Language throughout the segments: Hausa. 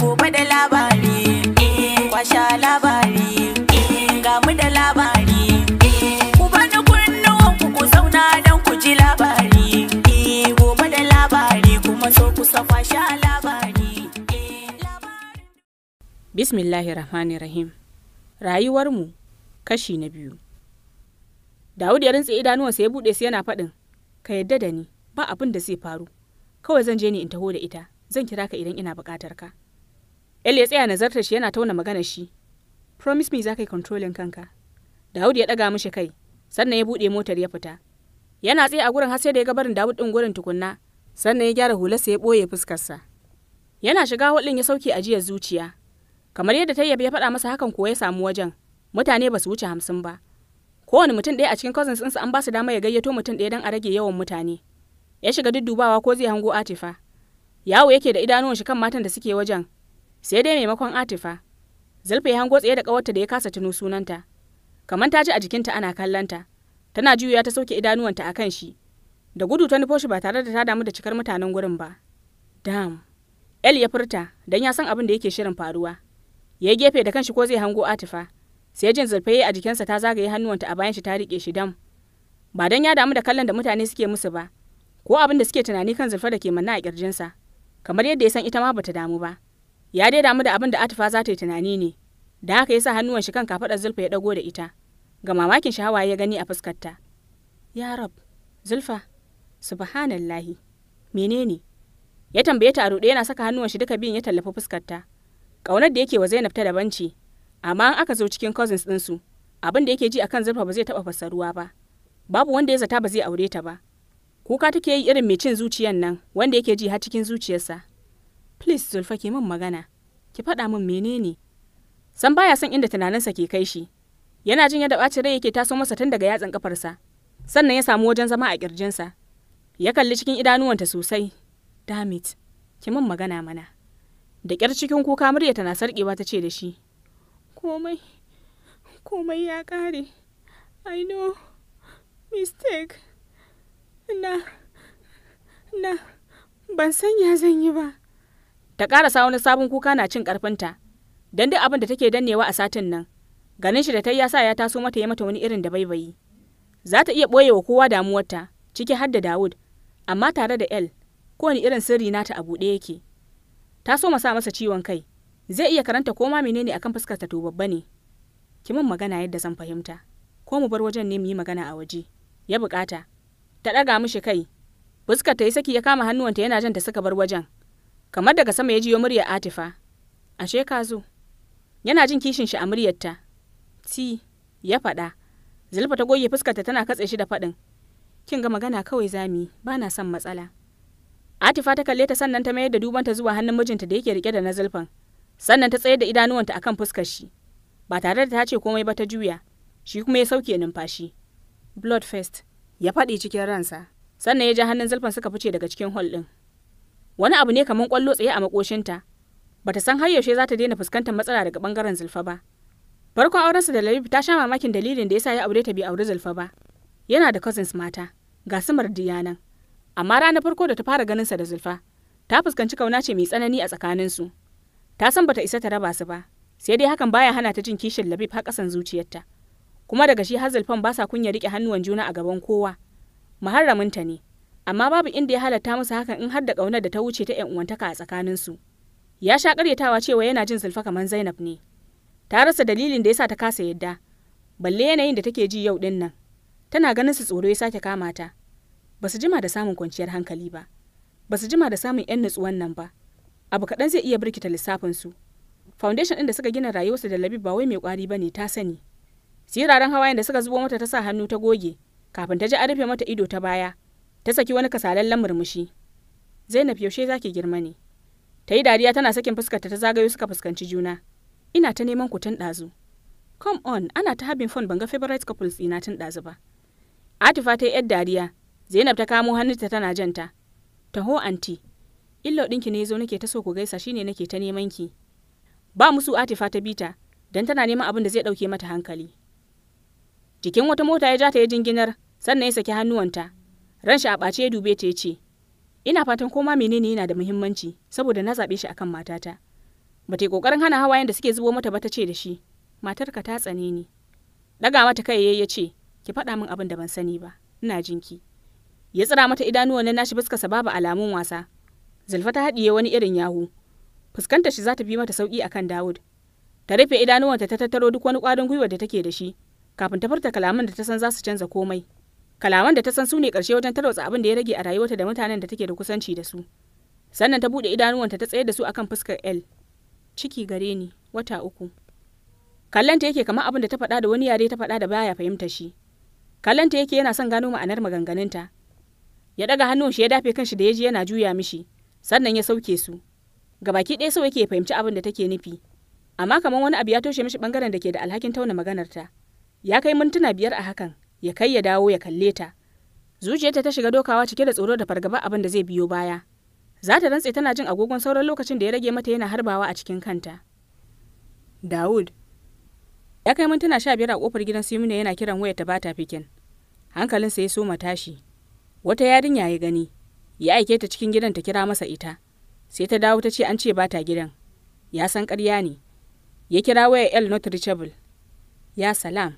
gobe da labari eh, kwasha labari eh, ga mu da labari eh, ku bani kunnuwan ku ku zauna don ku ji labari gobe da labari kuma so ku sa kwasha labari bismillahir rahmanir rahim rayuwarmu kashi na biyu Dawud ya rintse idanuwansa ya buɗe su yana faɗin ka yadda da ni ba abin da zai faru kawai zan je ne in taho da ita zan kira ka idan ina buƙatar ka El ya tsaya nazartar shi yana tauna magana shi. Promise me za ka yi controlling kanka. Dawud ya ɗaga mishi kai, sannan ya buɗe motar ya fita. Yana tsaye a gurin har sai da ya ga barin Dawud ɗin gurin tukunna, sannan ya gyara hularsa ya ɓoye fuskarsa. Yana shiga hulɗin ya sauke ajiyar zuciya. Kamar yadda Tayyab ya faɗa masa hakan ko ya samu wajen, mutane ba su wuce hamsin ba. Kowane mutum ɗaya a cikin cousins ɗinsa an ba su dama ya gayyato mutum ɗaya don a rage yawan mutane. Ya shiga duddubawa ko zai hango Atifa. Yawo yake da idanuwan shi kan matan da suke wajen, sai dai maimakon atifa zulfa ya hango tsaye da ƙawarta da ya kasa tuno sunanta kamar ta ji a jikinta ana kallanta tana juya ta sauke idanuwanta a kan shi da gudu ta nufo shi ba tare da ta damu da cikar mutanen gurin ba dam el ya furta dan ya san abin da yake shirin faruwa ya gefe da kanshi ko zai hango atifa sai jin zulfe a jikinsa ta zagaye hannuwanta a bayan shi ta riƙe shi dam ba dan ya damu da kallon da mutane suke musu ba ko abin da suke tunani kan zulfa da ke manna a ƙirjinsa kamar yadda ya san ita ma bata damu ba ya dai damu da abin da atifa za ta yi tunani ne da haka ya sa hannuwan shi kan kafaɗar zulfa ya ɗago da ita ga mamakin shahawa ya gani a fuskarta ya rab zulfa subhanallahi menene ya tambaye ta a ruɗe yana saka hannuwan shi duka biyun ya tallafi fuskarta ƙaunar da yake wa zainab ta daban ce amma an aka zo cikin cousins ɗinsu abin da yake ji akan zulfa ba zai taɓa fassaruwa ba babu wanda ya zata ba zai aure ta ba kuka take yi irin mai cin zuciyan nan wanda yake ji har cikin zuciyarsa Please Zulfa ki min magana. Ki faɗa min menene? San baya son inda tunaninsa ke kai shi. Yana jin yadda ɓacin rai yake taso masa tun daga yatsan kafarsa. Sannan ya samu wajen zama a ƙirjinsa. Ya kalli cikin idanuwanta sosai. Damit, ki min magana mana. Da ƙyar cikin kuka murya tana sarƙewa ta ce da shi. Komai, komai ya ƙare. I know, mistake. Na, na, ban sanya zan yi ba. ta ƙarasa wani sabon kuka na cin ƙarfinta don duk abin da take dannewa a satin nan ganin shi da ta yasa ya taso mata ya mata wani irin da baibayi za ta iya ɓoye wa kowa damuwarta ciki har da Dawud amma tare da El kowane irin sirri nata a buɗe yake ta so sa masa ciwon kai zai iya karanta ko ma menene akan fuskar ta to babba ne ki min magana yadda zan fahimta ko mu bar wajen ne mu yi magana a waje ya bukata ta ɗaga mishi kai fuskar ta yi saki ya kama hannuwanta yana jan da suka bar wajen kamar daga sama ya jiyo muryar atifa ashe ka zo yana jin kishin shi a muryarta ti ya faɗa zulfa ta goge fuskarta tana katse shi da faɗin kin ga magana kawai zami ba na son matsala atifa ta kalle ta sannan ta mayar da dubanta zuwa hannun mijinta da yake rike da na zulfan sannan ta tsayar da idanuwanta akan fuskar shi ba tare da ta ce komai ba ta juya shi kuma ya sauke numfashi blood fest ya faɗi cikin ransa sannan ya ja hannun zulfan suka fice daga cikin hall ɗin wani abu ne kamar kwallo tsaye a makoshinta ta san har yaushe za ta daina fuskantar matsala daga bangaren zulfa ba farkon aurensa da Labib ta sha mamakin dalilin da yasa ya aure ta bai aure zulfa ba yana da cousins mata ga su mardiyanan amma ranar farko da ta fara ganin sa da zulfa ta fuskanci kauna ce mai tsanani a su. ta san bata isa ta raba su ba sai dai hakan baya hana ta jin kishin Labib har kasan zuciyarta kuma daga shi har zulfan ba sa kunya rike hannuwan juna a gaban kowa muharraminta ne amma babu inda ya halatta musu hakan in har da ƙaunar da ta wuce ta 'yan uwantaka a tsakaninsu. Ya sha karyatawa cewa yana jin zulfa kamar Zainab ne. Ta rasa dalilin da ya sa ta kasa yadda, balle yanayin da take ji yau ɗin nan. Tana ganin su tsoro ya sake kama ta. Ba su jima da samun kwanciyar hankali ba. Ba su jima da samun 'yan nutsuwan nan ba. Abu kaɗan zai iya birkita lissafin su Foundation ɗin da suka gina rayuwarsu da Labib ba wai mai kwari ba ne ta sani. Siraran hawayen da suka zubo mata ta sa hannu ta goge, kafin ta ji a rufe mata ido ta baya, ta saki wani kasalallen murmushi zainab yaushe zaki girma ne ta yi dariya tana sakin fuskarta ta zagayo suka fuskanci juna ina ta neman ku tun ɗazu come on ana ta habin fon ban ga favorite couples ina tun ɗazu ba atifa ta yi yar dariya zainab ta kamo hannunta tana janta taho anti illo ɗinki ne zo nake ta so ku gaisa shine nake ta neman ki ba musu atifa ta bita don tana neman abin da zai ɗauke mata hankali jikin wata mota ya ja ta ya jinginar sannan ya saki hannuwanta Ranshi a ɓace ya dube ta ya ce, Ina fatan koma menene yana da muhimmanci saboda na zaɓe shi akan matata. Ba ta yi ƙoƙarin hana hawayen da suke zubo mata ba ta ce da shi, Matarka ta tsane ni. Ɗaga mata kai ya ce, Ki faɗa min abin da ban sani ba, ina jinki. Ya tsira mata idanuwan na nashi fuskarsa babu alamun wasa. Zulfa ta haɗiye wani irin yahu. Fuskantar shi za ta fi mata sauƙi akan Dawud. Ta rufe idanuwanta ta tattaro duk wani ƙwarin gwiwa da take da shi, kafin ta furta kalaman da ta san za su canza komai. kalaman da ta san su ne ƙarshe wajen tarwatsa abin da ya rage a rayuwarta da mutanen da take da kusanci da su sannan ta buɗe idanuwanta ta tsayar da su akan fuskar l ciki gare ni wata uku kallanta yake kamar abin da ta faɗa da wani yare ta faɗa da baya fahimta shi kallanta yake yana son gano ma'anar maganganunta ya daga hannun shi ya dafe kanshi da ya ji yana juya mishi sannan ya sauke su gabaki ɗaya sau yake fahimci abin da take nufi amma kamar wani abu ya toshe mishi bangaren da ke da alhakin tauna maganarta ya kai mintuna biyar a hakan ya kai ya dawo ya kalle ta zuciyarta ta shiga dokawa cike da tsoro da fargaba abin da zai biyo baya za ta rantse tana jin agogon sauran lokacin da ya rage mata yana harbawa a cikin kanta Dawud ya kai mintuna sha biyar a kofar gidan Simina yana kiran waya ta bata fikin hankalinsa ya soma tashi wata yarinya ya gani ya aike ta cikin gidan ta kira masa ita sai ta dawo ta ce an ce bata gidan ya san karya ne ya kira waya el not reachable ya salam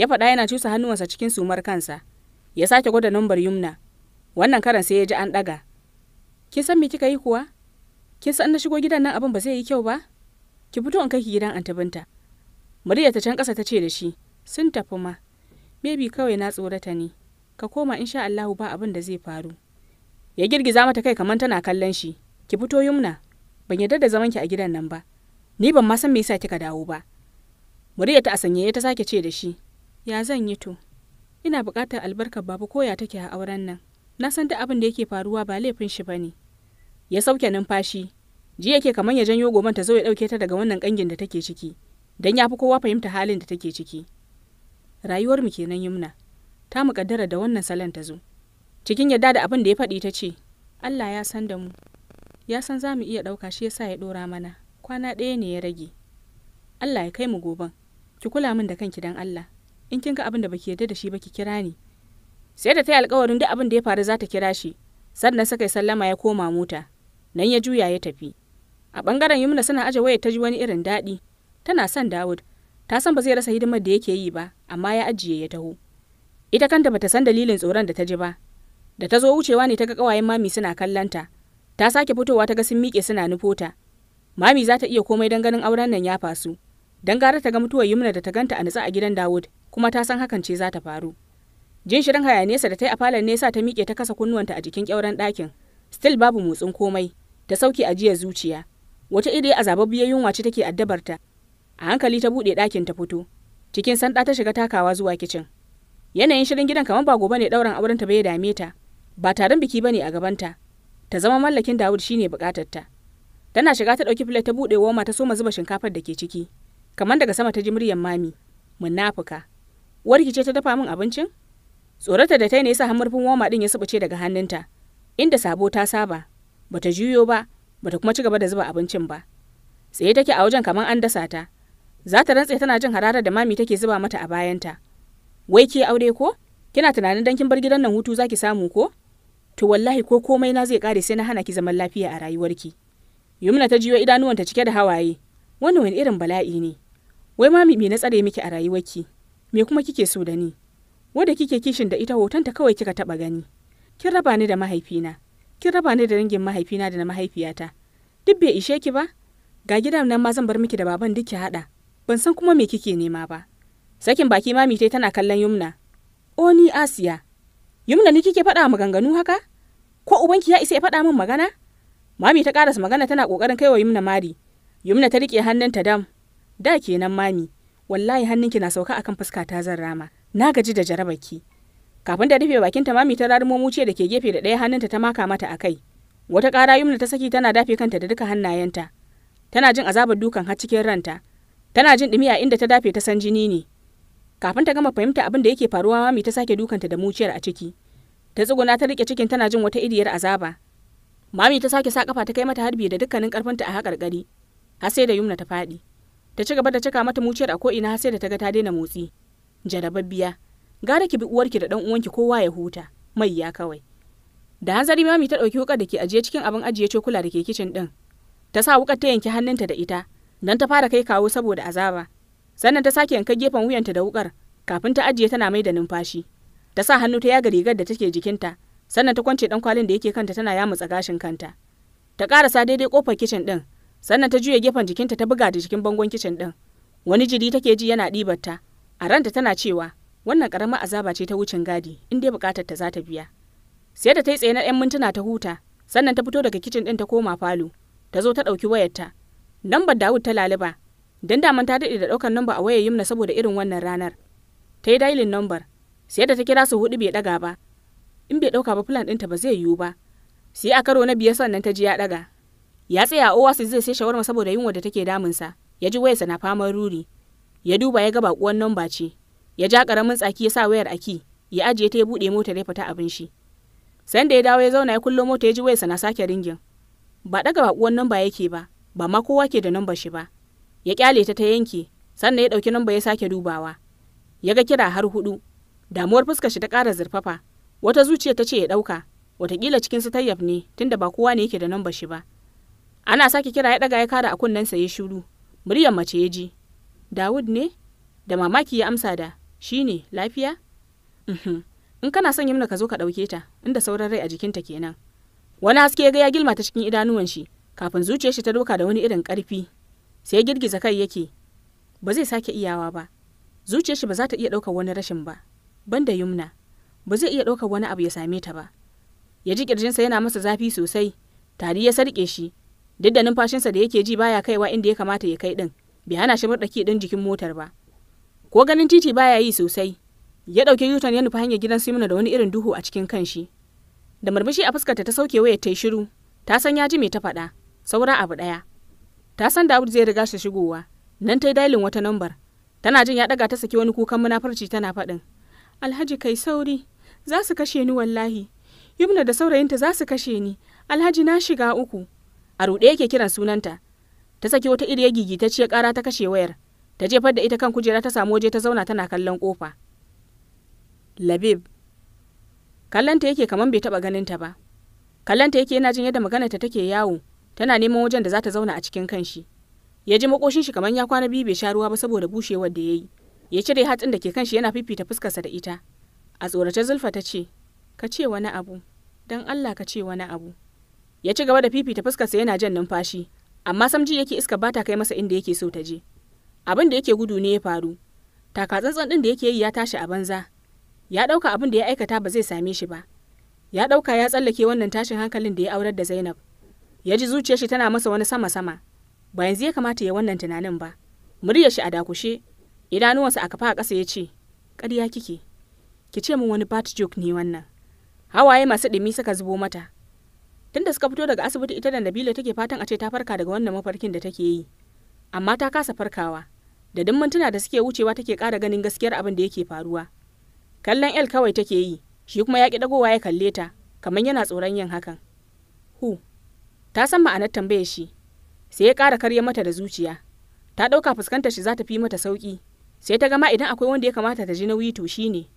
ya faɗa yana cusa hannuwansa cikin sumar kansa ya sake gwada numbar yumna wannan karan sai ya ji an ɗaga kin san me kika yi kuwa kin san na shigo gidan nan abin ba zai yi kyau ba ki fito in kai ki gidan antibinta murya ta can ƙasa ta ce da shi sun tafi ma maybe kawai na tsorata ne ka koma insha Allahu ba abin da zai faru ya girgiza mata kai kamar tana kallon shi ki fito yumna ban yarda da zaman ki a gidan nan ba ni ban ma san me yasa kika dawo ba murya ta a sanye ta sake ce da shi Ya zan yi to? Ina buƙatar albarkar babu koya take a auren nan. Na san duk abin da yake faruwa ba laifin shi ba ne. Ya sauke numfashi. Ji yake kamar ya janyo goban ta zo ya ɗauke ta daga wannan ƙangin da take ciki. Dan ya fi kowa fahimta halin da take ciki. Rayuwar mu kenan Yumna. Ta mu kaddara da wannan salon ta zo. Cikin yadda da abin da ya faɗi ta ce, Allah ya san da mu. Ya san za mu iya ɗauka shi yasa ya ɗora mana. Kwana ɗaya ne ya rage. Allah ya kai mu goban. Ki kula min da kanki dan Allah. in kin ga abin da baki yarda da shi baki kira ni sai da ta yi alkawarin duk abin da ya faru za ta kira shi sannan suka yi sallama ya koma mota nan ya juya ya tafi a bangaren yumna suna aje waya ta ji wani irin daɗi tana son dawud ta san ba zai rasa hidimar da yake yi ba amma ya ajiye ya taho ita kanta bata san dalilin tsoron da ta ji ba da ta zo wucewa ne ta ga kawayen mami suna kallanta ta sake fitowa ta ga sun miƙe suna nufota mami za ta iya komai don ganin auren nan ya fasu don gara ta ga mutuwar yumna da ta ganta a nutsa a gidan dawud kuma ta san hakan ce za ta faru jin shirin hayanesa da ta yi a falon nesa ta miƙe ta kasa kunnuwanta a jikin ƙyauren ɗakin still babu motsin komai ta sauke ajiyar zuciya wata iri a zababbiyar yunwa ce take addabarta a hankali ta buɗe ɗakin ta fito cikin sanda ta shiga takawa zuwa kicin yanayin shirin gidan kamar ba gobe ne ɗaurin auren ta bai dame ta ba taron biki ba ne a gabanta ta zama mallakin Dawud shine bukatar ta tana shiga ta ɗauki filet ta buɗe woma ta soma zuba shinkafar da ke ciki kamar daga sama ta ji muryar mami munafuka warki ce ta dafa min abincin tsorata da ta ne yasa hamurfin woma din ya subuce daga hannunta inda sabo ta saba bata juyo ba bata kuma ci gaba da zuba abincin ba tsaye take a wajen kamar an dasa ta za ta rantse tana jin hararar da mami take zuba mata a bayanta wai ke aure ko kina tunanin dan kin bar gidan nan hutu zaki samu ko to wallahi ko komai na zai kare sai na hana ki zaman lafiya a rayuwarki yumna ta jiyo idanuwanta cike da hawaye wannan wani irin bala'i ne wai mami me na tsare miki a rayuwarki me kuma kike so da ni wadda kike kishin da ita hotonta kawai kika taba gani kin raba ni da mahaifina kin raba ni da dangin mahaifina da na mahaifiyata duk bai ishe ki ba ga gidan nan ma zan bar miki da baban duk ki hada ban san kuma me kike nema ba sakin baki mami tai tana kallon yumna o ni asiya yumna ni kike faɗa maganganu haka ko ubanki ya isa ya faɗa min magana mami ta karasa magana tana kokarin kaiwa yumna mari yumna ta rike hannunta dam da kenan mami wallahi hannunki na sauka akan fuska ta zan rama na gaji da jarabaki kafin da rufe bakin ta mami ta rarumo muciya da ke gefe da ɗaya hannunta ta maka mata a kai wata ƙara yumna ta saki tana dafe kanta da duka hannayenta tana jin azabar dukan har cikin ranta tana jin ɗumi a inda ta dafe ta san jini ne kafin ta gama fahimta abin da yake faruwa mami ta sake dukanta da muciyar a ciki ta tsuguna ta rike cikin tana jin wata iriyar azaba mami ta sake sa ta kai mata harbi da dukkanin karfinta a haƙarƙari har sai da yumna ta faɗi ta ci gaba da cika mata muciyar a ko'ina sai da ta ga ta daina motsi jarababbiya gara ki bi uwarki da dan uwanki kowa ya huta mai ya kawai da hanzari mami ta ɗauki wukar da ke ajiye cikin abin ajiye cokula da ke kicin ɗin ta sa wukar ta yanki hannunta da ita don ta fara kai kawo saboda azaba sannan ta sake yanka gefen wuyanta da wukar kafin ta ajiye tana mai da numfashi ta sa hannu ta yaga rigar da take jikinta sannan ta kwance dan kwalin da yake kanta tana yamutsa gashin kanta ta karasa daidai kofar kicin ɗin sannan ta juya gefen jikinta ta buga da jikin bangon kicin ɗin wani jiri take ji yana ɗibarta a ranta tana cewa wannan karamar azaba ce ta wucin gadi in dai bukatar ta za ta biya sai da ta yi tsaye na 'yan mintuna ta huta sannan ta fito daga kicin ɗin ta koma falo ta zo ta ɗauki wayarta lambar dawud ta laliba don daman ta daɗe da ɗaukar namba a wayar yumna saboda irin wannan ranar ta yi dailin nambar sai da ta kira su hudu bai ɗaga ba in bai ɗauka ba plan ɗinta ba zai yiwu ba sai a karo na biyar sannan ta ji ya ɗaga ya tsaya a oasis zai sai shawarma saboda yunwa da take damunsa ya ji wayarsa na faman ruri ya duba ya ga bakuwan namba ce ya ja karamin tsaki ya sa wayar a ki ya ajiye ta ya buɗe motar ya fita abin shi san da ya dawo ya zauna ya kullo mota ya ji wayarsa na sake ringin ba daga bakuwan namba yake ba ba ma kowa ke da namba shi ba ya kyale ta ta yanke sannan ya dauki namba ya sake dubawa ya ga kira har hudu damuwar fuskar shi ta kara zurfafa wata zuciya ta ce ya ɗauka watakila cikin su tayyaf ne tunda ba kowa ne yake da namba shi ba ana sake kira ya daga ya kada a kunnensa ya shiru muryar mace ya ji dawud ne da mamaki ya amsa da shi ne lafiya uhm, in kana son yamna ka zo ka ɗauke ta inda sauran rai a jikinta kenan wani haske ya ga ya gilma ta cikin idanuwan shi kafin zuciyar shi ta doka da wani irin ƙarfi sai ya girgiza kai yake ba zai sake iyawa ba zuciyar shi ba za ta iya ɗaukar wani rashin ba banda yumna ba zai iya ɗaukar wani abu ya same ta ba ya ji ƙirjinsa yana masa zafi sosai tari ya sarƙe shi duk da numfashinsa da yake ji baya kaiwa inda ya kamata ya kai din bai hana shi murɗaki din jikin motar ba ko ganin titi baya yi sosai ya ɗauki yutan ya nufi hanyar gidan simina da wani irin duhu a cikin kanshi da murmushi a fuskarta ta sauke waya ta shiru ta san ya ji mai ta faɗa saura abu ɗaya ta san Dawud zai riga shi shigowa nan ta yi dailin wata nambar tana jin ya ɗaga ta saki wani kukan munafarci tana faɗin alhaji kai sauri za su kashe ni wallahi yumna da saurayinta za su kashe ni alhaji na shiga uku a ruɗe yake kiran sunanta ta saki wata iriya gigitacciyar ƙara ta kashe wayar ta jefar da ita kan kujera ta samu waje ta zauna tana kallon ƙofa labib kallonta yake kamar bai taɓa ganin ta ba kallonta yake yana jin yadda maganarta take yawo tana neman wajen da za ta zauna a cikin kanshi ya ji makoshin shi kamar ya kwana biyu bai sha ruwa ba saboda bushewar da ya yi ya cire hatsin da ke kanshi yana fifita fuskarsa da ita a tsorace zulfa ta ce ka ce wani abu don allah ka ce wani abu ya ci gaba da fifita fuskarsa yana jan numfashi amma samji yake iska ba ta kai masa inda yake so ta je abin da yake gudu ne ya faru takatsantsan din da yake yi ya tashi a banza ya ɗauka abin da ya aikata ba zai same shi ba ya ɗauka ya tsallake wannan tashin hankalin da ya aurar da zainab ya ji zuciyar shi tana masa wani sama-sama ba yanzu ya kamata ya wannan tunanin ba muryar shi a dakushe idanuwansa a kafa a ƙasa ya ce ƙarya kike ki ce min wani bat joke ne wannan hawaye masu ɗumi suka zubo mata Tunda suka fito daga asibiti ita da Nabila take fatan a ce ta farka daga wannan mafarkin da take yi. Amma ta kasa farkawa. Da duk mintuna da suke wucewa take kara ganin gaskiyar abin da yake faruwa. Kallon El kawai take yi, shi kuma ya ƙi dagowa ya kalle ta, kamar yana tsoron yin hakan. Hu, ta san ma'anar tambayar shi, sai ya ƙara karya mata da zuciya. Ta ɗauka fuskantar shi za ta fi mata sauƙi, sai ta gama idan akwai wanda ya kamata ta ji nauyi to shi ne.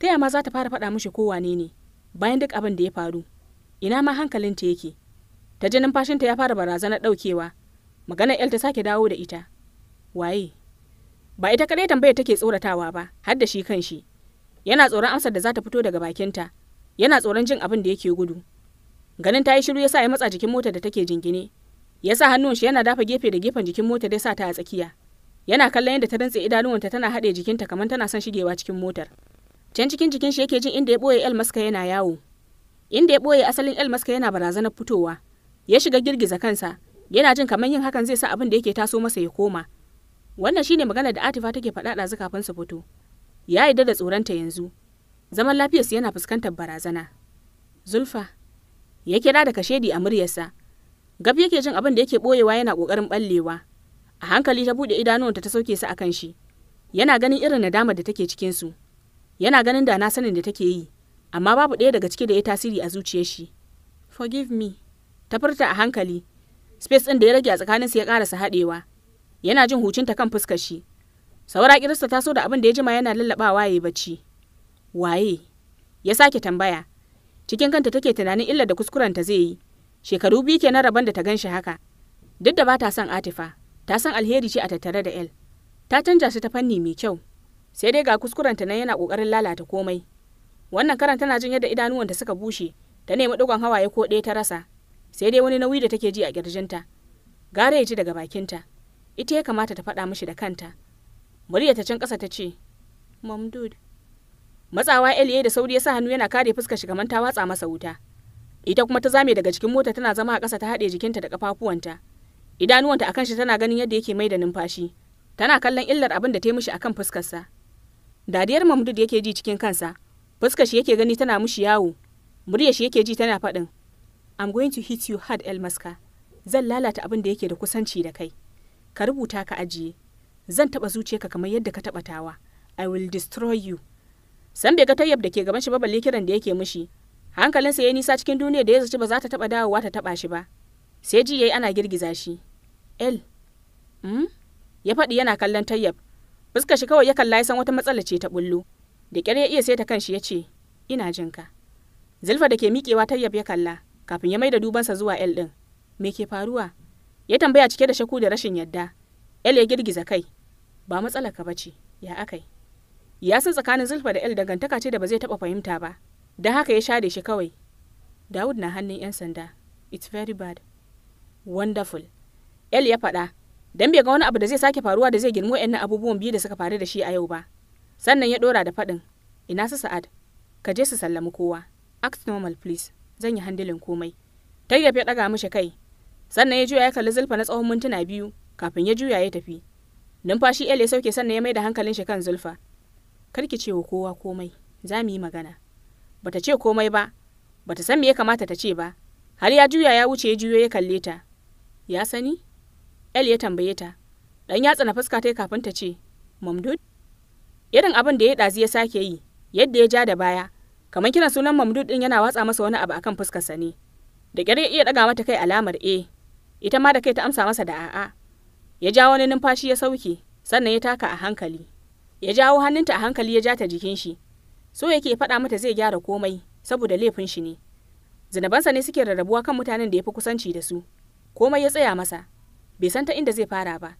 Ta yama za ta fara faɗa mishi kowane ne, bayan duk abin da ya faru. ina ma hankalin hankalinta yake ta ji numfashinta ya fara barazanar ɗaukewa maganar el ta sake dawo da ita waye ba ita kadai tambayar take tsoratawa ba har da shi kan shi yana tsoron amsar da za ta fito daga bakinta yana tsoron jin abin da yake gudu ganin ta yi shiru ya sa ya matsa jikin motar da take jingine ya sa hannun shi yana dafa gefe da gefen jikin motar ya sa ta a tsakiya yana kallon yadda ta rantse idanuwanta tana haɗe jikinta kamar tana son shigewa cikin motar can cikin jikin shi yake jin inda ya ɓoye el maska yana yawo inda ya ɓoye asalin El Maska yana barazanar fitowa. Ya shiga girgiza kansa, yana jin kamar yin hakan zai sa abin da yake taso masa ya koma. Wannan shine magana da Atifa take faɗa ɗazu kafin su fito. Ya yi da tsoronta yanzu. Zaman lafiyarsu yana fuskantar barazana. Zulfa ya kira da kashedi a muryarsa. Gab yake jin abin da yake ɓoyewa yana ƙoƙarin ɓallewa. A hankali ta buɗe idanuwanta ta sauke su a kan shi. Yana ganin irin nadamar da take cikinsu. Yana ganin da na sanin da take yi. amma babu ɗaya daga ciki da ya tasiri a zuciyar shi forgive me ta furta a hankali space ɗin da ya rage a tsakanin su ya ƙarasa haɗewa yana jin hucinta kan fuskar shi saura kirista so da abin da ya jima yana lallabawa waye bacci waye ya sake tambaya cikin kanta take tunanin illar da kuskurenta zai yi shekaru biyu kenan rabon da ta gan shi haka duk da ba ta son atifa ta san alheri ce a tattare da el ta canja shi ta fanni mai kyau sai dai ga kuskurenta nan yana ƙoƙarin lalata komai wannan karan tana jin yadda idanuwanta suka bushe ta nemi dukan hawaye ko ɗaya ta rasa sai dai wani nauyi da take ji a kirjinta Gara ya ji daga bakinta ita ya kamata ta faɗa mishi da kanta murya ta can ƙasa ta ce mamdud matsawa eliye da sauri ya sa hannu yana kare fuskar shi kamar ta watsa masa wuta ita kuma ta zame daga cikin mota tana zama a ƙasa ta haɗe jikinta da ƙafafuwanta idanuwanta akan shi tana ganin yadda yake mai da numfashi tana kallon illar abin da ta yi mishi akan fuskarsa dariyar mamdud yake ji cikin kansa fuskar shi yake gani tana mushi yawo muryar shi yake ji tana faɗin I'm going to hit you hard El Maska zan lalata abin da yake da kusanci da kai ka rubuta ka ajiye zan taɓa zuciya ka kamar yadda ka taɓa tawa I will destroy you san bai ga tayyab da ke gaban shi ba balle kiran da yake mushi hankalinsa ya nisa cikin duniya da ya zaci ba za ta taɓa dawowa ta taɓa shi ba sai ji yayi ana girgiza shi El mm? ya faɗi yana kallon tayyab fuskar shi kawai ya kalla ya san wata matsala ce ta bullo da ƙyar ya iya sai ta kanshi ya ce ina jinka ka zulfa da ke miƙewa tayyab ya kalla kafin ya mai da dubansa zuwa el ɗin me ke faruwa ya tambaya cike da shaku da rashin yadda el ya girgiza kai ba matsala ka bace ya akai ya san tsakanin zulfa da el dangantaka ce da ba zai taɓa fahimta ba don haka ya share shi kawai Dawud na hannun 'yan sanda. It's very bad. Wonderful. El ya faɗa, don bai ga wani abu da zai sake faruwa da zai girmo 'yan abubuwan biyu da suka faru da shi a yau ba. sannan ya dora da faɗin ina su sa'ad ka je su sallami kowa act normal please zan yi handilin komai tayyab ya ɗaga mishi kai sannan ya juya ya kalli zulfa na tsawon mintuna biyu kafin ya juya ya tafi numfashi el ya sauke sannan ya mai da hankalin shi kan zulfa karki ce wa kowa komai za mu yi magana bata ce komai ba bata san me ya kamata ta ce ba har ya juya ya wuce ya juyo ya kalle ta ya sani el ya tambaye ta dan yatsa na fuska ta kafin ta ce mamdud irin abin da ya ɗazi ya sake yi yadda ya ja da baya kamar kiran sunan mamdud din yana watsa masa wani abu akan fuskarsa ne da ƙyar ya iya ɗaga mata kai alamar e ita ma da kai ta amsa masa da a'a ya ja wani numfashi ya sauke sannan ya taka a hankali ya jawo hannunta a hankali ya ja ta jikin shi so yake faɗa mata zai gyara komai saboda laifin shi ne zinabansa ne suke rarrabuwa kan mutanen da ya fi kusanci da su komai ya tsaya masa bai san ta inda zai fara ba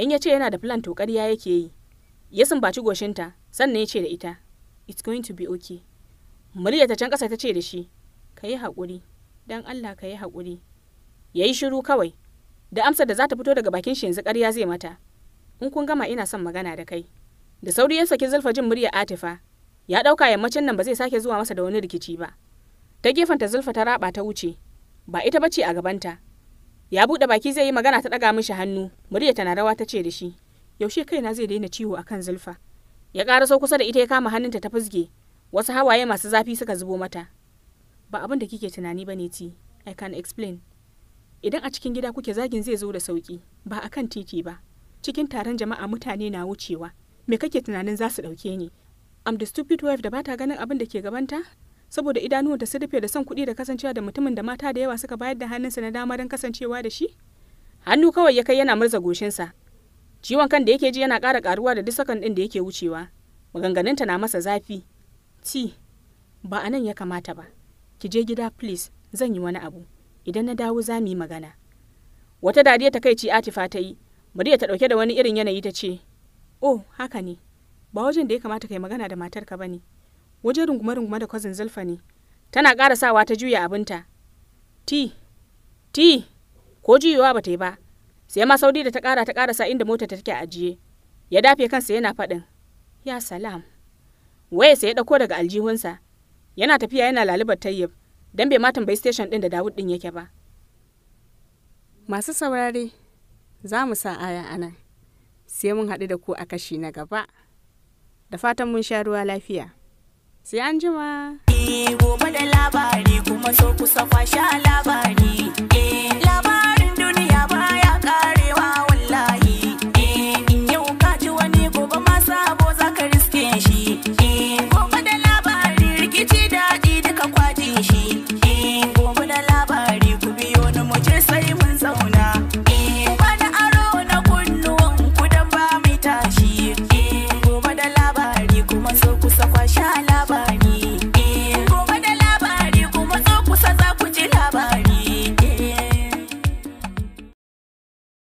in ya ce yana da filan to yake yi ya sumbaci goshinta sannan ya ce da ita it's going to be okay murya ta can ƙasa ta ce da shi ka yi haƙuri don allah ka yi haƙuri ya yi shiru kawai da amsar da za ta fito daga bakin shi yanzu ƙarya zai mata in kun gama ina son magana da kai da sauri ya saki zulfa jin murya atifa ya ɗauka yammacin nan ba zai sake zuwa masa da wani rikici ba ta gefenta zulfa ta raba ta wuce ba ita bace a gabanta ya buɗe baki zai yi magana ta ɗaga mishi hannu murya tana rawa ta ce da shi yaushe kaina zai daina ciwo akan zulfa ya sau kusa da ita ya kama hannunta ta fusge wasu hawaye masu zafi suka zubo mata ba abin da kike tunani bane ci. i can explain idan a cikin gida kuke zagin zai zo da sauki ba a kan titi ba cikin taron jama'a mutane na wucewa me kake tunanin za su dauke ni am the stupid wife da bata ganin abin da ke gabanta saboda idanuwanta su rufe da son kuɗi da kasancewa da mutumin da mata da yawa suka bayar da hannunsa na damarin kasancewa da shi hannu kawai ya kai yana murza goshinsa ciwon kan da yake ji yana ƙara ƙaruwa da duk sakan ɗin da yake wucewa maganganunta na masa zafi ti ba a nan ya kamata ba ki je gida please zan yi wani abu idan na dawo za mu yi magana wata dariya ta kai ci atifa ta yi murya ta ɗauke da wani irin yanayi ta ce oh haka ne ba wajen da ya kamata kai magana da matarka ba ne wajen rungume runguma da kwazin zulfa ne tana ƙara sawa ta juya abinta ti ti ko juyewa ba ta yi ba sai ma saudi da ta kara ta kara sa inda motata ta take ajiye ya dafe kansa yana faɗin ya salam waye sai ya ɗauko daga aljihunsa yana tafiya yana lalibar tayyib don bai matan bai station ɗin da dawud ɗin yake ba masu saurare za mu sa aya a nan sai mun haɗu da ku a kashi na gaba da fatan mun sha ruwa lafiya sai an jima gobe da labari kuma so kusa kwashe labari